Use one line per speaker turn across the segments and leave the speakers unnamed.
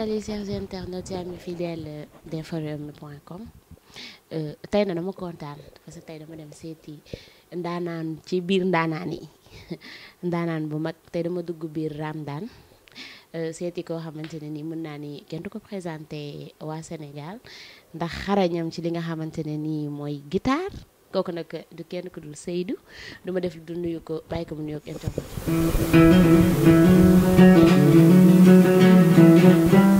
salut chers internautes et amis fidèles euh, d'inforéwmi.com euh, Tay na dama kontaan parce que tey dama dem seti, ndanan ci bir ndaanaan yi ndanan bu mag tey dama dugg biir Ramdan euh, seti ko xamante ne nii mën ni kenn du ko présenté waa Sénégal ndax xarañam ci li nga xamante ne nii mooy guitare kooku nag du kenn ku dul du def du nuyu ko bàyyi ko mu ko internet Música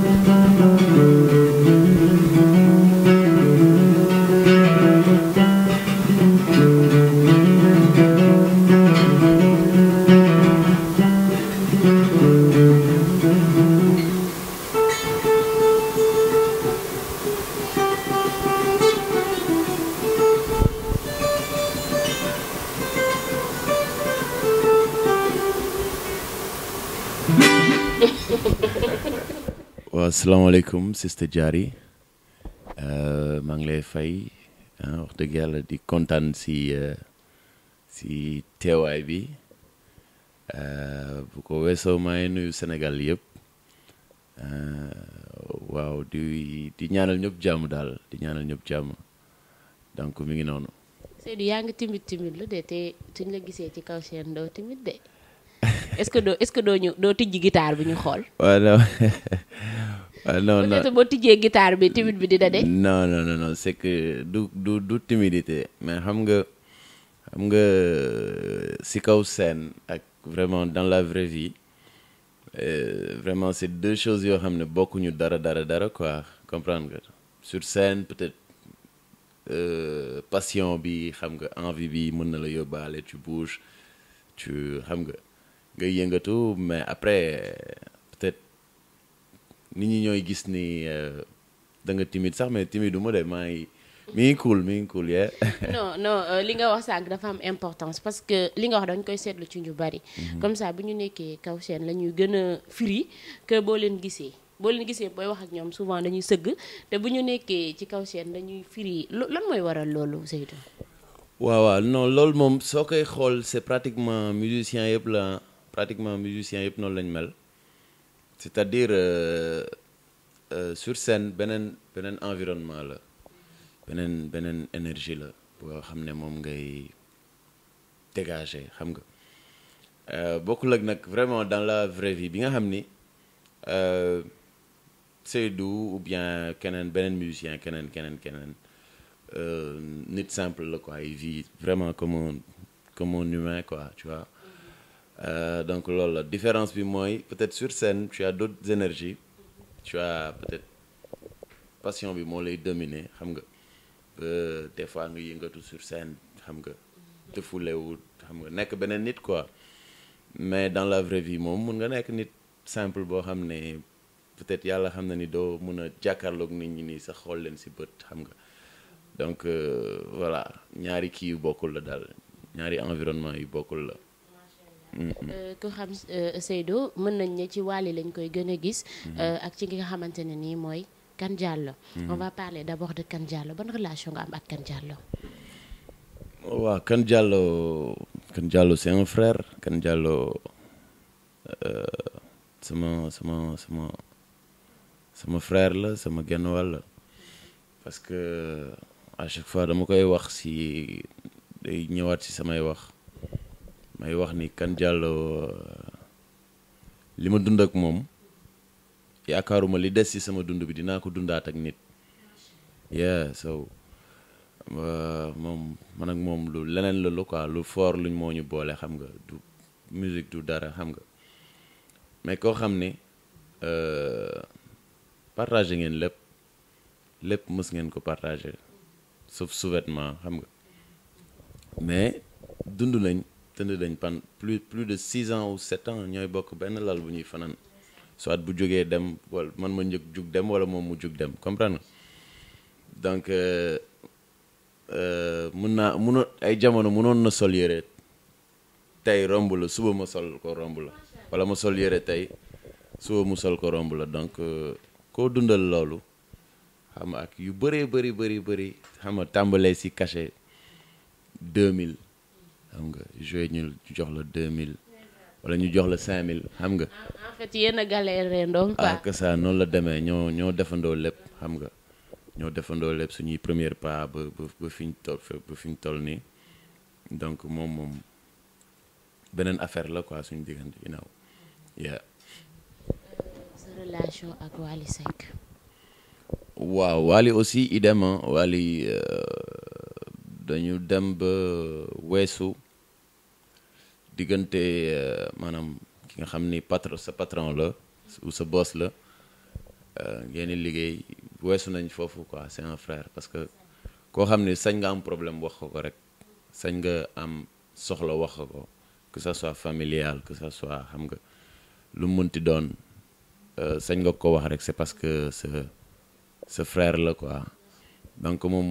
assalamu alaykum sister jari euh mang lay fay wax deug yalla di contane si eh, si teway bi bu ko weesoo may nuyu senegal yeb euh waaw di di ñaanal ñëpp jamm dal, di ñaanal ñëpp jamm donc mi ngi nonu
Seydou yaa ngi timit timit lu de te suñ la gisee ci kaw ndaw timit de. est-ce que do est-ce que do ñu doo tijji guitare bi ñu xol
waaw non non peut-être
boo tijjee guitare bi timidité, bi dina de.
non non non non c'est que du du du timidité mais xam nga xam nga euh, si kaw scène ak vraiment dans la vraie vie euh, vraiment c'est deux choses yo xam bokku ñu dara dara dara quoi comprendre nga sur scène peut-être euh, passion bi xam nga envie bi mën na la yóbbaale tu bouges tu xam nga nga yëngatu mais après peut-être nit ñi ñooy gis ni euh, da nga timide sax mais timide du ma de maa ngi mi ngi cool mi ngi cool yeah.
non non euh, li nga wax sax dafa am importance parce que li nga wax dañ koy seetlu ci ñu bari. Mhm. comme ça bu ñu nekkee kaw seen la ñuy gën a firi que boo leen gisee. boo leen gisee booy wax ak ñoom souvent dañuy sëgg te bu ñu nekkee ci kaw seen dañuy firi lan mooy waral loolu Seydou.
waaw waaw non loolu moom soo koy xool c'est pratiquement musicien yëpp la pratiquement musicien yep non lañ mel c'est-à-dire euh, euh, sur scène benen benen environnement la benen benen énergie la pour xamné mom ngay dégager xam nga euh, bokkul ak nak vraiment dans la vraie vie bi nga xamni euh Seydou ou bien kenen benen musicien kenen kenen euh nit simple la quoi il vit vraiment comme un comme un humain quoi tu vois euh, donc lol, la différence bi moi peut-être sur scène tu as d'autres énergies tu as peut-être passion bi moo lay dominer xam nga euh, des fois nga yëngatu sur scène xam nga te fulewu xam nga nekk beneen nit quoi mais dans la vraie vie moom mun nga nekk nit simple bo xam peut-être yàlla xam na ni doo mun a jàkkaarloog nit ñi ni sa xool leen si bët xam nga donc euh, voilà ñaari kii yu bokkul la daal ñaari environnement yu bokkul la Euh,
ku xam euh, Seydou mën nañ ne ci Wally lañ koy gën a gis mm-hmm. euh, ak ci nga xamante ne nii mooy Kane Diallo mm-hmm. on va parler d'abord de Kane Diallo ban relation nga am ak Kane Diallo
waaw Kane Diallo Kane Diallo c'est un frère Kane Diallo sama sama sama sama frère la sama genn wàll parce que à chaque fois dama koy wax si day ñëwaat si samay wax may wax ni kan jallo lima dund ak mom yakaruma li dess ci sama dund bi dina ko dundat ak nit yeah so mom, man ak mom lu leneen la lu quoi lu for luñ moñu bolé xam nga du musique du dara xam nga mais ko xam euh partager ngeen lepp lepp mus ngeen ko partager sauf sous-vêtement xam nga mais dundu nañ plus de 6 ans ou sept ans ñoy bokk bu ñuy soit bu dem man dem wala dem donc euh, euh, ay na sol romb la suba sol ko la ko donc ko dundal lolu ak yu 2000 xam nga ñu jox la 2000 wala ñu jox la 5000 en
fait y a galéré donc ah
ça non la démé ñoo ñoo pas ba ba donc mom une affaire la quoi suñu yeah. Euh,
relation ak Wally
waaw Wally aussi idem hein. Wally. Euh, dañu dem ba weesu diggante euh, maanaam ki nga xam ni patron sa patron la ou sa boss la euh, ngeen liggéey weesu nañ foofu quoi c'est un frère parce que koo xam ni sañ nga am problème wax ko ko rek sañ nga am soxla wax ko que sa soit familial que ça soit xam nga lu mënti doon euh, sañ nga ko wax rek c'est parce que sa sa frère la quoi donc moom.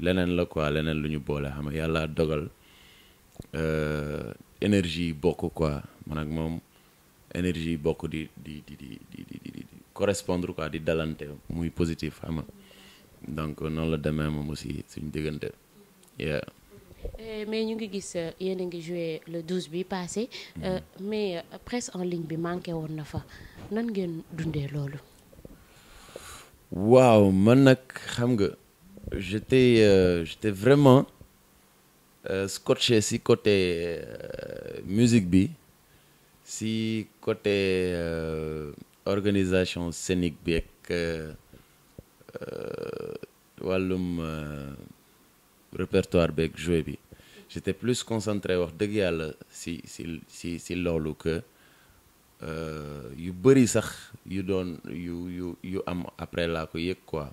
leneen la quoi leneen lu ñu boole xam nga yàlla dogal euh, énergie bokk quoi man ak moom énergie bokk di di di di di di di correspondre quoi di dalante muy positif xam nga donc noonu la demee moom aussi suñu diggante yeah.
Eh, mais ñu ngi gis euh, yéen a ngi joué le 12 bi passé mm-hmm. euh, mais presse en ligne bi manqué woon na fa nan ngeen dundee loolu.
waaw man nag xam nga j'étais euh, j'étais vraiment euh, scotché si côté euh, musique bi si côté euh, organisation scénique bi ak euh, wàllum répertoire beeg jouer bi j'étais plus concentré wax dëgg yàlla si si si si loolu que yu bari sax yu don yu yu yu am après la ko yek quoi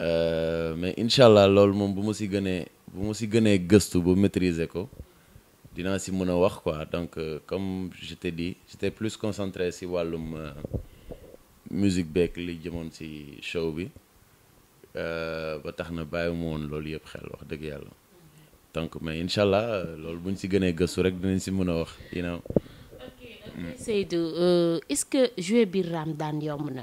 Euh, mais inshallah lol mom bu ma si gëné bu ma si gëné gëstu bu maîtriser ko dina si mëna wax quoi donc euh, comme je t'ai dit j'étais plus concentré si walum euh, musique beeg li jëmon ci show bi ba taxna na bàyyiwuma woon loolu yëpp xel wax dëgg yalla donc mais inshallah lol buñ ci gëné si gëstu rek dinañ ci mëna wax you know. ok
Seydou est-ce que jouer vais Raam Daan yomb na.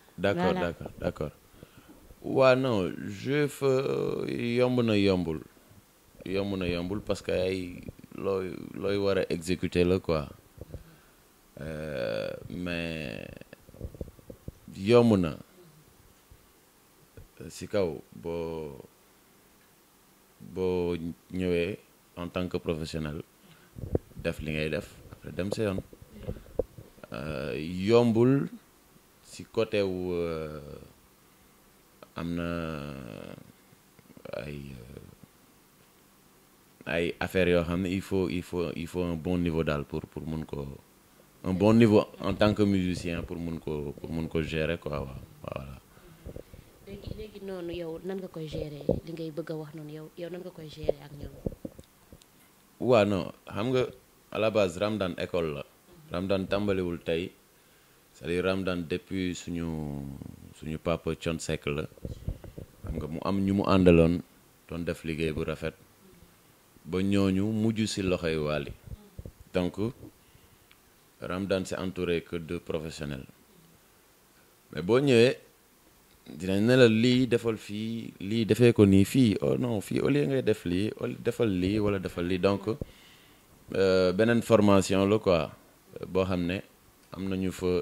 d'accord d'accord d'accord ouais non je euh, yomb na yombul yomb na yombul parce que ay looy l'oi wara exécuter le quoi euh, mais yomb na si kaw bo bo ñëwee en tant que professionnel def li ngay def après dem sa yoon euh, yombul si côté wu euh, am na euh, ay euh, ay affaire yo xamné il faut il faut il faut un bon niveau dal pour pour mon ko un bon niveau en tant que musicien pour mon ko pour mon ko gérer quoi voilà.
légui légui noonu yow nan nga koy gérer li ngay bëgg a wax non yow yow nan nga koy gérer ak ñoom.
wa non xam nga à la base Ramdan école la. Ramdan wul tay c'est-à-dire Ramadane depuis suñu suñu papa Thione la xam nga mu am ñu mu àndaloon doon def liggéey bu rafet ba ñooñu mujj ci loxoy Wally donc Ramadane s'est entouré que de professionnels mais boo ñëwee dina ne lii defal fii lii defee ko nii fii oh non fii au lieu ngay def lii defal lii wala defal lii donc euh, beneen formation la quoi boo xam ne am nañu fa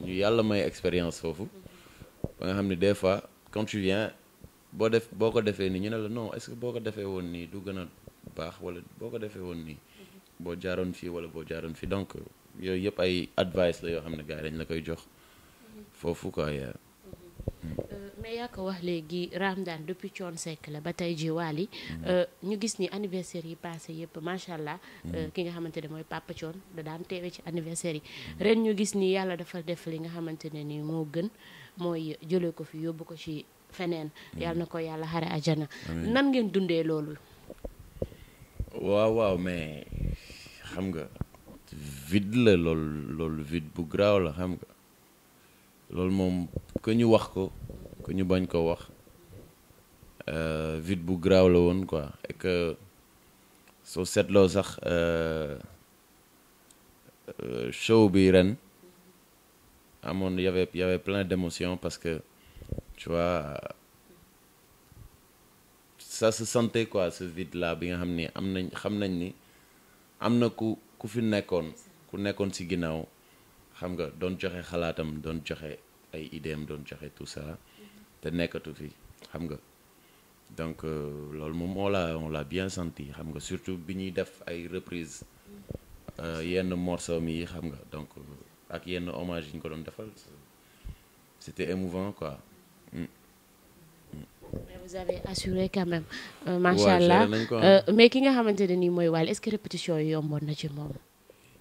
ñu yàlla may expérience foofu ba nga xam ne des fois quand boo def boo ko defee nii ñu ne la non est-ce que boo ko defee woon nii du gën a baax wala boo ko defee woon nii boo jaaroon fii wala boo jaaroon fii donc yooyu yëpp ay advice la yoo xam ne gars yi dañ la koy jox foofu quoi.
Euh, mais yaa ko wax léegi Ramdan depuis Thione Seck la ba tey ji Wally mm. euh, ñu gis ni anniversaire yi passé yëpp macha allah. Mm. Euh, ki nga xamante ne mooy Papa Thione da daan teewe ci anniversaire yi mm. ren ñu gis ni yàlla dafa def li nga xamante ne ni moo gën mooy jëlee ko fi yóbbu ko ci feneen yàlla na ko yàlla xare ajana nan ngeen dundee loolu
waaw waaw mais xam nga vide la loolu loolu vide bu la xam nga loolu moom que ñu wax ko que ñu bañ ko wax euh, vite bu graaw la woon quoi et que soo seetloo sax euh, euh, show bi ren amoon y avait y avait plein d'émotions parce que tu vois ça se sentait quoi ce vide là bi nga xam ni am nañ xam nañ ni am na ku ku fi nekkoon ku nekkoon ci ginnaaw xam nga doon joxe xalaatam doon joxe ay idéem doon joxe tout ça te nekkatu fi xam nga donc euh, loolu moom on l'a on l'a bien senti xam nga surtout bi ñuy def ay reprise euh, yenn morceau mi yi xam nga donc euh, ak yenn hommage yi ñu ko doon defal c'était émouvant quoi mm.
mais vous avez assuré quand même macha allah hein. mais ki nga xamante ni nii mooy est-ce que répétition yi yomboon na ci moom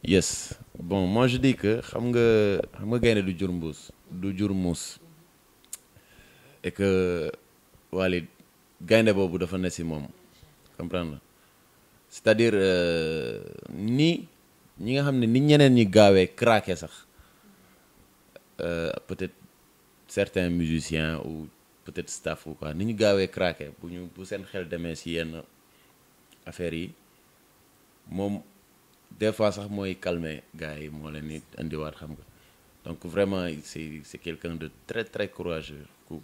yes bon moi je dis que xam nga xam nga gaynde du jur du jur et que Wally gaynde bobu dafa ne mom. comprendre c'est-à-dire euh, ni ñi nga xam ni ñeneen ñi gaawé craqué sax euh, peut-être certains musiciens ou peut-être staff ou quoi ni ñu gaawé craqué bu ñu bu seen xel demee ci yenn affaire yi mom des fois sax mooy calmer gars yi moi leen di andiwaat xam nga donc vraiment c'est c'est quelqu'un de très très courageux ku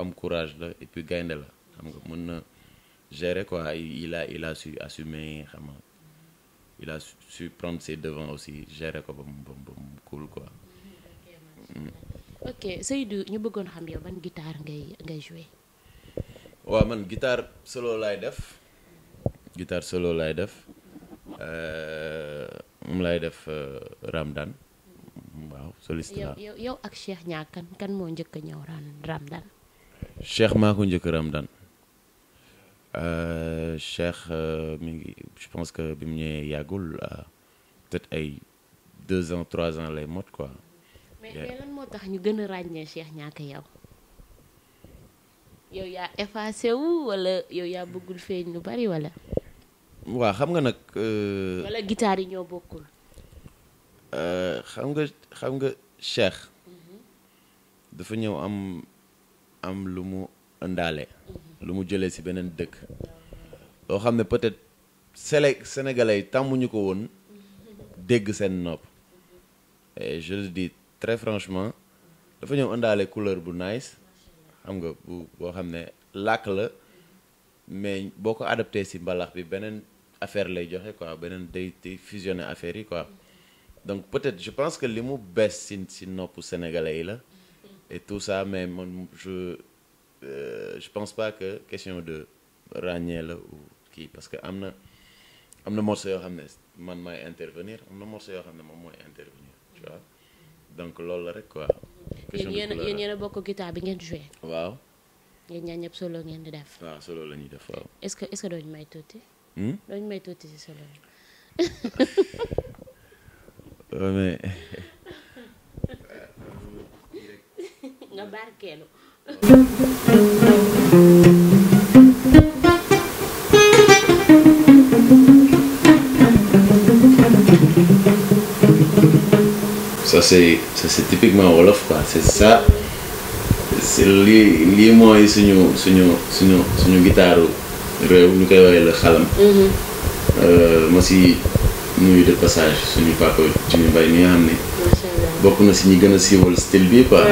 am courage la et puis gaynde la xam nga gérer quoi il a il a su assumer xam nga il a su prendre ses devants aussi gérer quoi, cool quoi.
ok Seydou ñu bëggoon xam yow ban guitare ngay ngay jouer.
waaw man guitare solo laay def guitare solo laay def. Euh, moom lay def euh, Ramadan waaw soliste la
yow ak Cheikh Niang kan kan moo njëkk a ñëw Ramadan.
Cheikh maa ko njëkk Ramadan euh, Cheikh mi ngi je pense que bi mu ñëwee yàggul peut ay deux ans trois ans lay mot quoi. mais mais
moo tax ñu gën ràññee Cheikh Niang ak yow. yow yaa effacé wu wala yow yaa bëggul feeñ lu bari wala.
waa xam nga nag. Euh, wala
guitare yi ñoo bokkul.
Euh, xam nga xam nga Cheikh. dafa ñëw am am lu mu ëndaale. lu mu jëlee si beneen dëkk. loo xam ne peut-être sélé sénégalais yi tàmmuñu ko woon dégg seen nopp. et je le dis très franchement dafa ñëw indaale couleur bu nice xam nga bu boo xam ne làkk la mais boo ko adapté si mbalax bi beneen affaire lay joxe quoi benen day day fusionner affaire yi quoi donc peut-être je pense que li mu bees si si nopp sénégalais yi la et tout ça mais je euh, je pense pas que question de Ragnel ou qui parce que amna amna am na morceau yoo xam man may intervenir am na morceau yo xamné ne moy intervenir tu vois donc loolu la rek quoi. question de couleur yéen
a bokk guitare bi ngeen jouer waaw. yéen ñaan ñep solo ngeen di def.
waaw solo lañuy def waaw.
est-ce que est-ce que doo may tuuti. Hmm? dañ may tuuti si solo mais. nga barkeelu.
ça c'est ça c'est typiquement wolof quoi c'est ça réew ñu koy woowee la xalam mhm. euh, ma si nuyu de passage suñu papa ci mbay mi xam ne bokk na si ñu gën a siiwal style bi quoi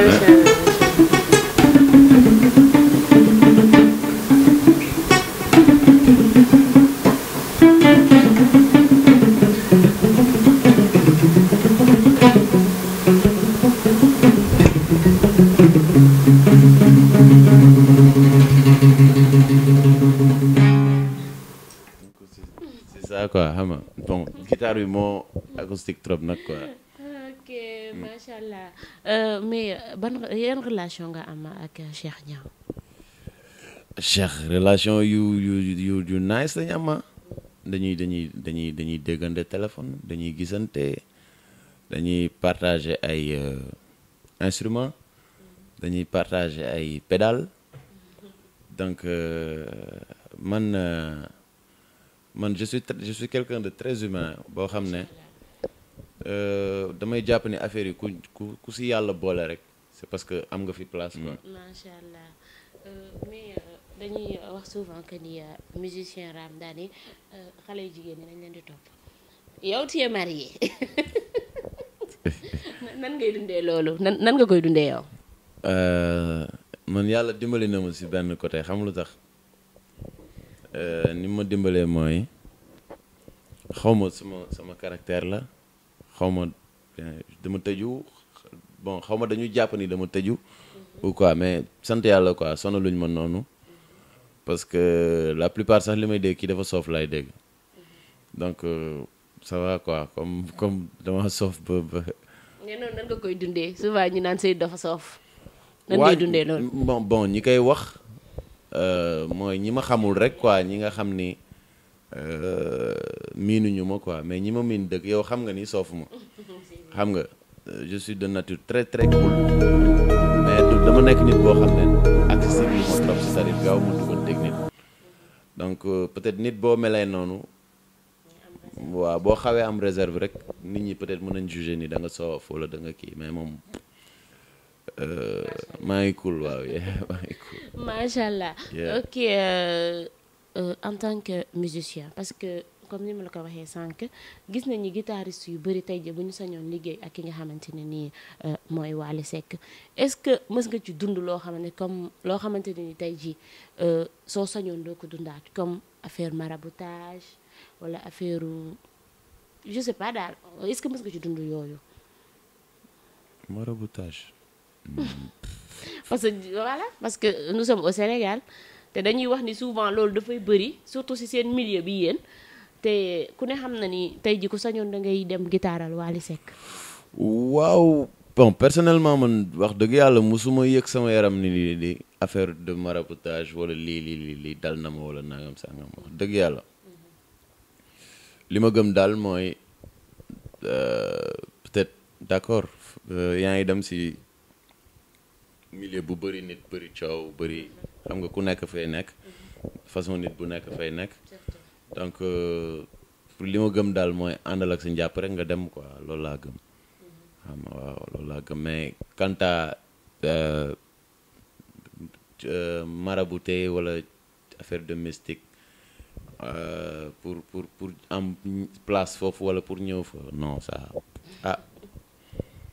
diagnostic trop nag quoi.
ok macha allah euh, mais ben, yan relation nga am ak Cheikh Niang.
Cheikh relation you, you, you, you nice lañu am ah. dañuy dañuy dañuy dañuy déggante téléphone dañuy gisante dañuy partager ay euh, instruments dañuy partager ay pédales donc euh, man man je suis je suis quelqu'un de très humain bo xamné ne. Euh, damay jàpp ni affaire yi ku ku si yàlla boole rek c'est parce que am nga fi place quoi. Mm. macha
allah euh, mais euh, dañuy wax souvent que ni musicien Ramdani xale yu jigéen ñi dañ leen di topp yow tu es nan nga koy dundee yow.
man yàlla dimbali na ma si benn côté xam lu tax ni ma dimbalee mooy xaw ma sama sama caractère la. xaw ma dama tëju bon xaw ma dañu jàpp ni dama tëju ou quoi mais sant yàlla quoi sonaluñ ma noonu parce que la plupart sax li may dégg kii dafa soof laay dégg donc euh, ça va quoi comme comme dama soof ba ba.
mais noonu nga koy dundee souvent ñi naan say dafa soof. nan ngay dundee
loolu bon bon ñi koy wax euh, mooy ñi ma xamul rek quoi ñi nga xam ni. Euh, miinuñu ma quoi mais ñi ma miin dëgg yow xam nga ni soofu ma xam nga euh, je suis de nature très très cool mais du dama nekk nit boo xam ne accessible ma trop cest à gaaw ma dugal technique donc euh, peut-être nit boo melee noonu waaw boo xawee am réserve rek nit ñi peut-être mën nañ juger ni da nga soof wala da kii mais moom maa ngi cool waaw maa ngi cool macha allah
Euh, en tant que musicien parce que comme ni ma la ko waxe sank gis nañu guitariste yu bari tey jii bu ñu sañoon ak ki nga xamanteni ni nii euh, mooy Wally Seck est-ce que mës nga ci dund lo xamanteni comme lo xamanteni ni nii tey jii euh, soo sañoon doo ko comme affaire maraboutage wala affaire je sais pas daal est-ce que mës nga ci dund yooyu.
maraboutage.
parce que voilà parce que nous sommes au Sénégal. té dañuy wax ni souvent da fay bëri surtout ci seen milieu bi yeen te ku ne xam na ni tay ji ku sañon da ngay dem guitaral wali sek
waaw bon personnellement man wax dëgg yàlla musuma yëg sama yaram ni li li affaire de maraboutage wala li li li li dal na ma wala nangam sangam wax dëgg yàlla li ma gëm daal mooy euh, peut-être d'accord euh, yaa ngi dem si milieu bu bëri nit bëri coow bëri xam nga ku nekk fay nekk façon nit bu nekk fay nekk donc euh, pour li ma gëm daal mooy àndal ak sa njàpp rek nga dem ko loolu laa gëm xam nga waaw loolu laa gëm mais quant à euh, euh, marabouté wala affaire de mystique pour pour pour am place foofu wala pour ñëw fa non ça ah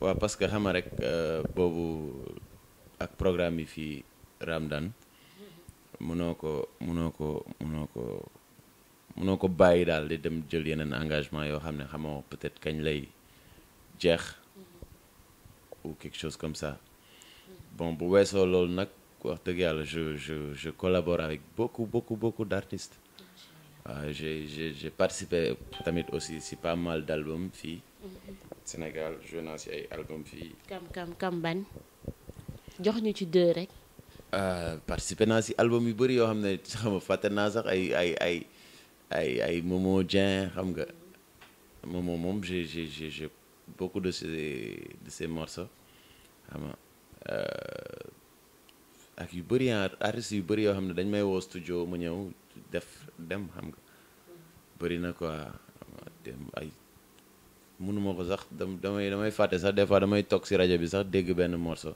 wa parce que je sais rek le euh, programme de Ramadan mënoo ne mënoo pas mënoo ko de ko dem jël yeneen engagement yoo xam ne peut-être kañ lay ou quelque chose comme ça bon bu weesoo loolu nag je je je collabore avec beaucoup beaucoup beaucoup d'artistes j'ai j'ai j'ai participé aussi à pas mal d'albums ici. Mm-hmm. Sénégal je naa album
Comme, kam Comme ban jox ñu ci deux rek.
Euh, participé na ci album yu bari yo xam xam nga fàtte sax ay ay ay ay ay Momo Jean. xam nga Momo j'ai j'ai j'ai beaucoup de ces de ces morceaux xam nga euh, ak yu artiste yu bari yo dañ may wo studio mu ñew def dem xam nga bari na quoi ay mënuma ko sax damay damay fàtte sax des fois damay toog si rajo bi sax dégg benn morceau.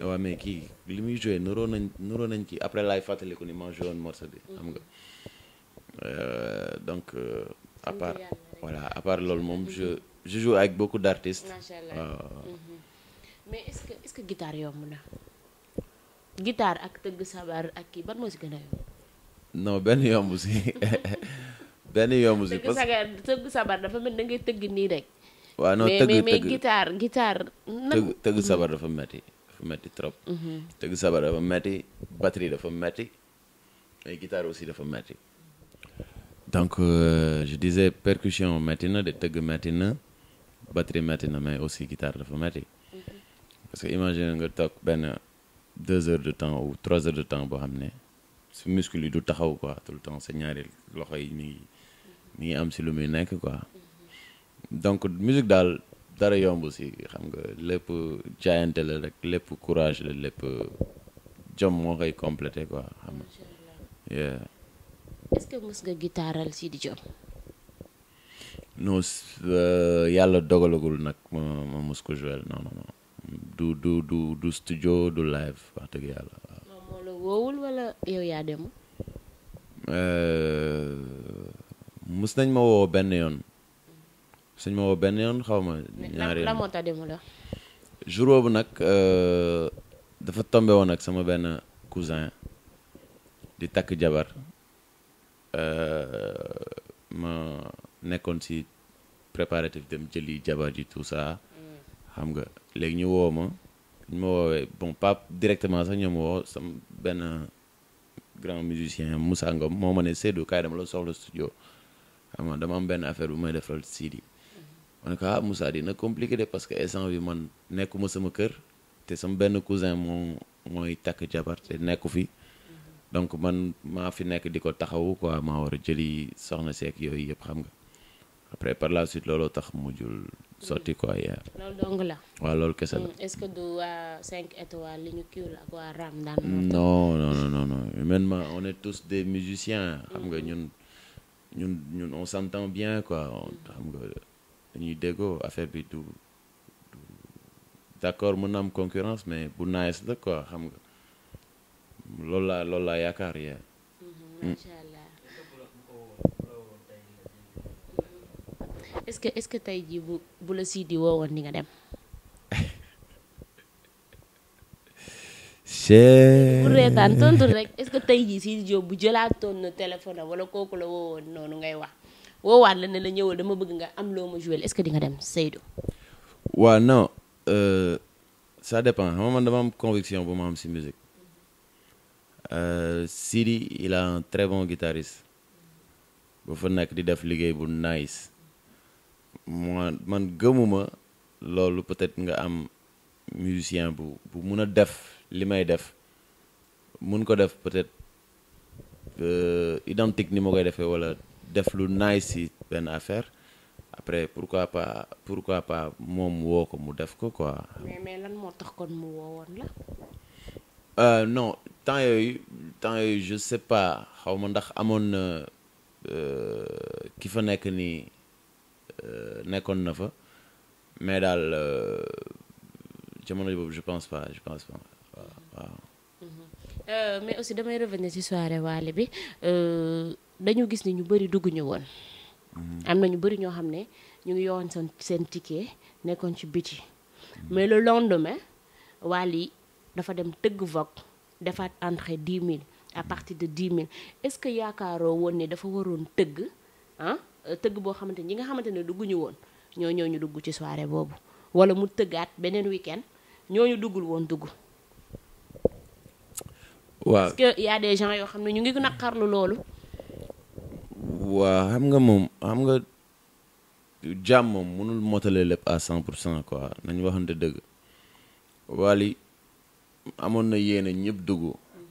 waaw mais kii li muy joué nuroo nañ nuroo nañ kii après laay fàttaliku ni ma joué woon morceau bi xam nga euh, donc euh, à part voilà à part loolu moom je je joue avec beaucoup d'artistes. Mhm.
mais est-ce que est-ce que guitare yomb na. guitare ak tëgg sabar ak kii ban moo si gën a
non benn yomb si benn yomb si. parce que
tëgg sabar dafa mel da ngay tëgg nii rek
waaw non tëgg mais mais
guitare guitare. tëgg
tëgg sabar dafa metti dafa metti trop. Mhm. tëgg sabar dafa metti batterie dafa metti mais guitare aussi dafa metti donc euh, je disais percussion metti na de tëgg metti na batterie metti na mais aussi guitare dafa metti mhm. parce que imagine nga toog benn deux heures de temps ou trois heures de temps boo xam ne su muscle yi du taxaw quoi tout le temps sa ñaari loxo yi mi ngi mi ngi am si lu muy nekk quoi. donc musique daal dara yomb si xam nga lépp jaayante la rek lépp courage la lépp jom moo koy complété quoi xam nga.
est-ce que mës nga gitaaral Sidi Diop.
non euh, yàlla dogalagul nag ma ma mës ko jouer non non du du studio du live wax dëgg yàlla. mus euh, nañ ma woo benn yoon. Je ne sais pas ñaari cousin de Je jabar euh, ma nekkoon si préparatif dem jabar tout ça mm. xam nga léegi bon pas directement un grand musicien Moussa Ngom moo ma ne je kaay dama la le studio xam nga dama affaire bu may defal en ne ko Moussa dina compliqué de parce que instant bi man nekkuma sama cœur te sama ben cousin moo mooy takk jabar te nekku fi donc man maa fi nekk di ko taxawu quoi maa war a jëli soxna seek yooyu yëpp xam nga après par la suite lolo tax mujjul sorti quoi yaa. loolu dong la. waaw lolo kese mm,
est-ce que du waa euh, 5 étoiles li ñu kiiwul ak Ram daan.
non non non non même on est tous des musiciens. xam nga mm. ñun ñun ñun on s'entend bien quoi dañuy déggoo affaire bi du d'accord mën na am concurrence mais bu nice la quoi xam nga loolu laa loolu laa yaakaar yaa mm-hmm, macha allah
mm-hmm. est-ce que est-ce que tey jii bu bu sii Sidy woowoon ni nga dem
pour reetaan tontu rek
est-ce que tey jii Sidy Diop bu jëlaatoon na téléphone wala kooku la woowoon noonu ngay wax woowaat la ne la ñëwal dama bëgg nga am loo ma joué est-ce que di nga dem Seydou.
waaw non euh, ça dépend xam man dama am conviction bu ma am si musique euh, Sidi il a un très bon guitariste bu fa nekk di def liggéey bu nice moi man gëmuma loolu peut-être nga am musicien bu bu mun a def li may def mun ko def peut-être euh, identique ni ma koy defee wala. def lu naay si affaire après pourquoi pas pourquoi pas moom woo ko mu def ko quoi.
mais mais lan moo tax kon
euh, non temps je sais pas xaw ma ndax amoon na euh, ki fa euh, mais je pense pas je pense pas
Euh, mais aussi damay revenir ci soirée waale bi euh, dañu gis ni ñu bëri dugg ñu woon. Mm. am na ñu bëri ñoo xam ne ñu ngi yowoon seen seen ticket nekkoon ci biti. mais le lendemain Wally dafa dem tëgg vogue defaat entrée 10 000 à partir de 10 000 est-ce que yaakaaroo woon ne dafa waroon tëgg ah tëgg boo xamante ñi nga xamante ne dugg ñu woon ñoo ñëw ñu dugg ci soirée boobu wala mu tëggaat beneen week-end ñoo ñu duggul woon dugg. waaw parce que y a des gens yoo xam ne ñu ngi naqarlu loolu.
waa xam nga moom xam nga jàmm moom mënul motale lépp à cent pour cent quoi nañu waxante dëgg Wally amoon na yéene ñëpp dugg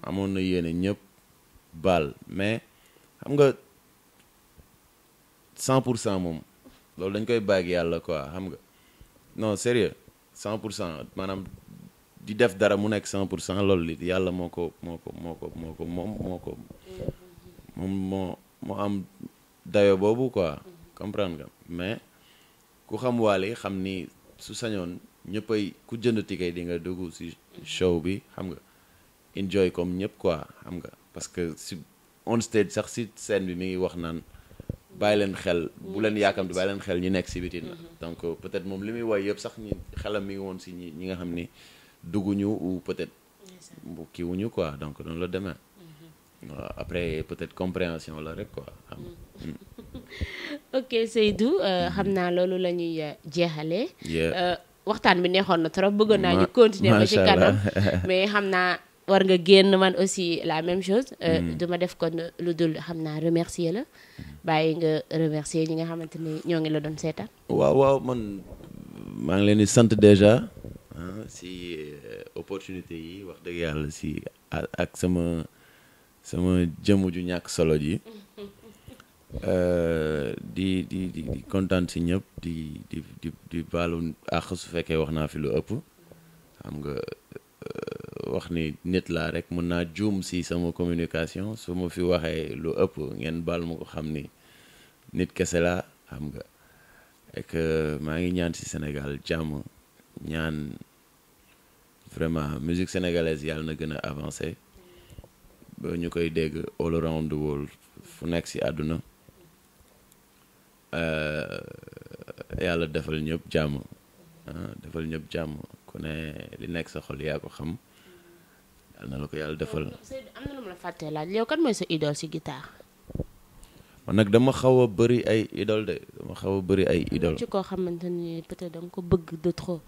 amoon na yéene ñëpp baal mais xam nga cent pour cent moom loolu dañ koy bàyyi yàlla quoi xam nga non sérieux cent pour cent maanaam. di def dara mu nekk cent pour cent loolu it yàlla moo ko moo ko moo ko moo ko moom moo ko moom moo moo am dayo boobu quoi comprendre nga mais ku xam waali xam ni su sañoon ñëppay ku jënd ticket di nga dugg si show bi xam nga enjoy comme ñëpp quoi xam nga parce que si on stage sax si seen bi mi ngi wax naan bàyyi leen xel bu leen yaakamti bàyyi leen xel ñu nekk si bitin la mm-hmm. donc peut moom li muy woy yëpp sax ñi xelam mi woon si ñi ñi nga xam ni dugguñu ou peut-être. kii quoi donc noonu la demee. waaw après peut-être compréhension la rek quoi. Mm-hmm. Mm.
ok Seydou euh, mm-hmm. xam naa loolu la ñuy euh, jeexalee. Euh, waxtaan bi neexoon na trop bëggoon naa ñu continuer ba ci kanam mais xam naa war nga génn man aussi la même chose euh, mm. du ma def kon lu dul xam remercier la mm. baye nga remercier ñi nga xamanteni ni ñoo ngi la doon seetaan
waaw waaw man maa ngi leen di sant déjà Ah, si euh, opportunité yi wax dëgg yàlla si ak sama sama jëmm ju ñàkk solo ji euh, di di di di si ñëpp di di di baalu àq su fekkee wax naa fi lu ëpp xam nga euh, wax ni nit laa rek mën naa juum si sama communication su ma fi waxee lu ëpp ngeen baal ma ko xam ni nit kese laa xam nga et maa ngi ñaan si Sénégal jàmm ñaan vraiment musique sénégalaise yàlla na gën a avancé ba ñu koy dégg all around the world fu nekk si àdduna euh, yàlla defal ñëpp jàmm ah, defal ñëpp jàmm ku ne li nekk sa xol yaa ko xam yàlla na la ko yàlla defal. Euh,
am na lu ma la fàttee laaj yow kan mooy sa idole si guitare.
man nag dama xaw a bëri ay idole de dama xaw a bëri ay idole. ci
koo xamante ni peut-être danga ko bëgg de trop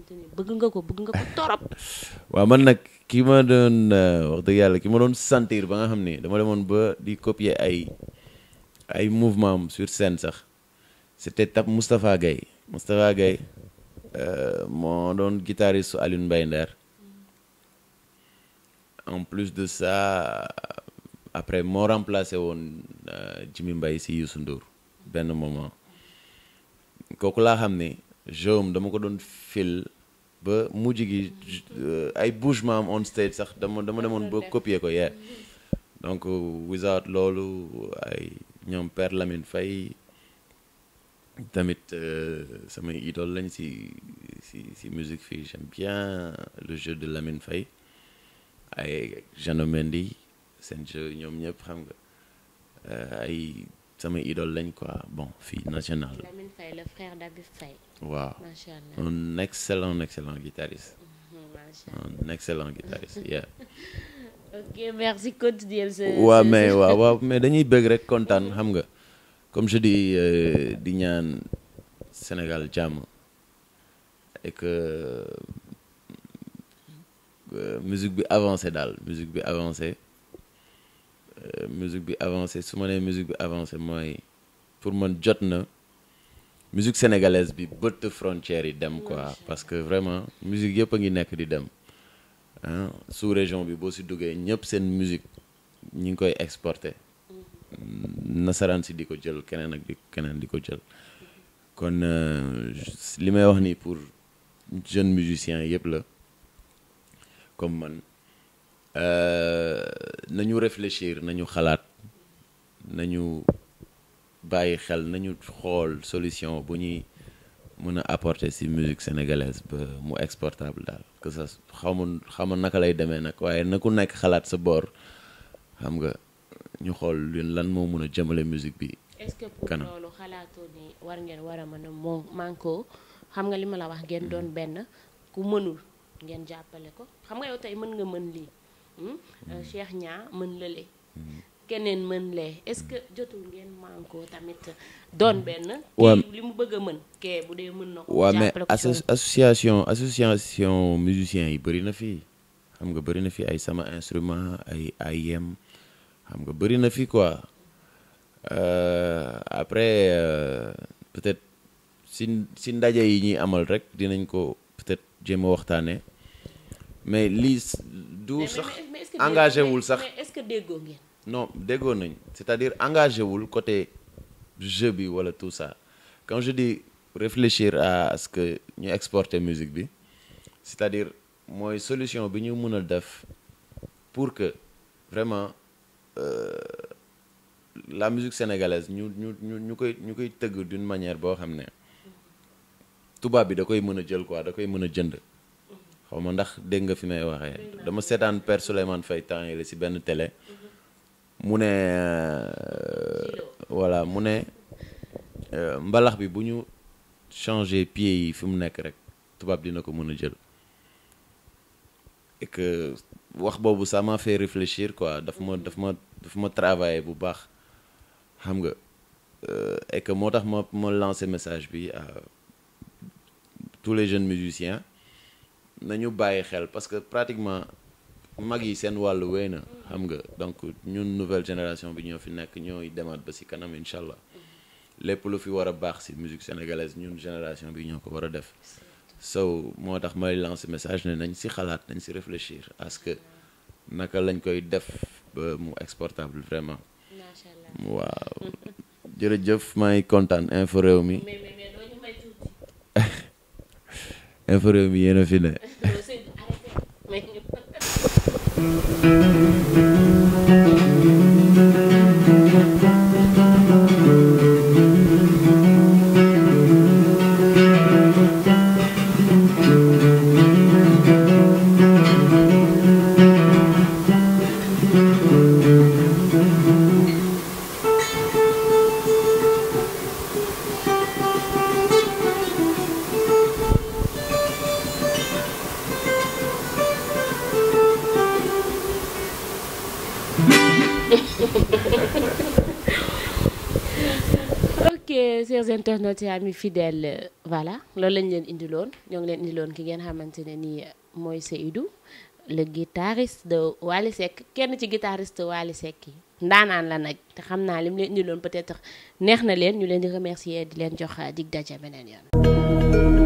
xamante eh, ya, ni bëgg nga ko bëgg nga ko torop
waktu man nag ki ma doon wax dëgg yàlla ki ma sentir ba nga xam dama ba di copier ya, ay ay mouvement sur scène sax c'était tap Mustafa gay. Moustapha Gaye eh, moo doon guitariste su Alioune en plus de ça après moo remplacé woon eh, Jimmy Mbaye si Youssou Ndour benn moment kooku laa jom dama ko doon fil ba mujj gi euh, ay bougement am on stage sax dama dama demoon ba copier ko yeah donc without loolu ay ñoom Père Lamine fay tamit euh, sama idole lañ si si si musique fi j'aime bien le jeu de Lamine fay ay Jeannot Mendy seen jeu ñoom ñëpp xam nga euh, ay sama idole lañ quoi bon fi nationale.
Lamine Faye le frère d'Abib Faye. waaw macha allah
un excellent excellent guitariste. Mhm, macha un excellent guitariste yeah.
ok merci coach sa. ouais mais ouais
waaw mais dañuy bëgg rek contane xam nga comme je dis euh, di ñaan Sénégal jam et que euh, musique bi avancer dal musique bi avancer musique bi avancé su ma musique bi avancé mooy pour man jot na musique sénégalaise bi bëtt frontière yi dem quoi parce que vraiment musique yëpp a ngi nekk di dem hein. sous région bi boo si duggee ñëpp seen musique ñi ngi koy exporter mm-hmm. nasaraan si di ko jël keneen ak di keneen di ko jël kon euh, li may wax nii pour jeune musicien yëpp la comme man. Euh, nañu réfléchir nañu xalaat nañu bàyyi xel nañu xool solution bu ñuy mën a apporter ci musique sénégalaise ba mu exportable daal que ça xamul xamul naka lay demee nag waaye na ku nekk xalaat sa bor xam nga ñu xool lan moo mën a jëmale musique bi. kanam est pour loolu
xalaatoo ni war ngeen war a mën a moo xam nga li ma la wax ngeen doon benn ku mënul ngeen jàppale ko xam nga yow tey mën nga mën lii. Hmm? Eh, hmm. Cheikh Nia mën lële hmm. keneen mën lee est ce que jotul ngeen manko tamit don benn li Asosiasi, bëgg musisi mën kee bu dee mën na ko mais
association association musiciens yi bëri na fii xam nga bëri na fi ay sama instrument ay ay xam nga bëri na fi quoi euh, après euh, peut être yi amal rek dinañ ko peut être mais lise du sax engagé mais est-ce que dégo non dégo c'est-à-dire engagé vous côté jeu bi wala tout ça quand je dis réfléchir à ce que ñu exporter musique bi c'est-à-dire moy solution bi ñu mën def pour que vraiment euh, la musique sénégalaise ñu ñu ñu koy ñu koy d'une manière Tout xamné ne bi da koy mën jël quoi da koy mën jënd suis ndax dégg nga fi may dama seetaan Père Souleymane télé mhm. voilà mu ne euh, mbalax bi changer pied yi fi rek dina ko et que wax ça m'a fait réfléchir quoi daf ma daf travailler bu euh, et que message à tous les jeunes musiciens nañu bàyyi xel parce que pratiquement mag yi seen wàllu wéy na xam nga donc ñun nouvelle génération bi ñoo fi nekk ñooy demaat ba ci kanam incha allah lépp lu fi war a baax ci musique sénégalaise ñun génération bi ñoo ko war a def so moo tax may lancer message ne nañ ci xalaat nañ ci réfléchir à ce que naka lañ koy def ba mu exportable vraiment. macha allah waaw jërëjëf may content info réew mi. mais mais mais may inforo bi yéen a fi ne.
fidèle voilà loolu lañ leen indiloon ñoo ngi leen indiloon ki ngeen xamante ne nii mooy Seydou le guitariste de Wally Seck kenn ci guitariste Wally Seck yi ndaanaan la nag te xam naa lim leen indiloon peut-être neex na leen ñu leen di remercier di leen jox dig daje beneen yoon